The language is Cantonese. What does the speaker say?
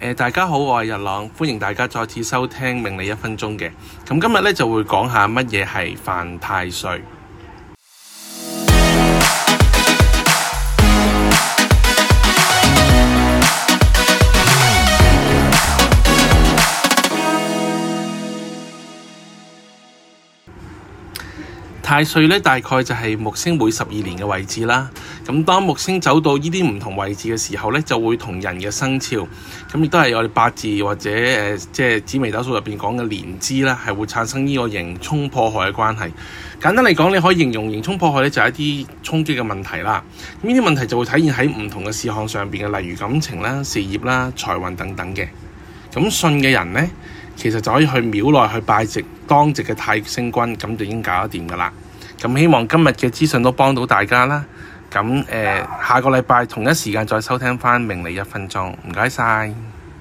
呃，大家好，我係日朗，歡迎大家再次收聽《命理一分鐘》嘅。咁今日呢就會講下乜嘢係犯太歲。太歲咧，大概就係木星每十二年嘅位置啦。咁當木星走到呢啲唔同位置嘅時候咧，就會同人嘅生肖，咁亦都係我哋八字或者誒即係紫微斗數入邊講嘅年支啦，係會產生呢個刑沖破害嘅關係。簡單嚟講，你可以形容刑沖破害咧，就係一啲衝擊嘅問題啦。咁呢啲問題就會體現喺唔同嘅事項上邊嘅，例如感情啦、事業啦、財運等等嘅。咁信嘅人咧。其實就可以去廟內去拜值當值嘅太歲星君，咁就已經搞得掂噶啦。咁希望今日嘅資訊都幫到大家啦。咁誒、呃，下個禮拜同一時間再收聽翻命理一分鐘，唔該晒。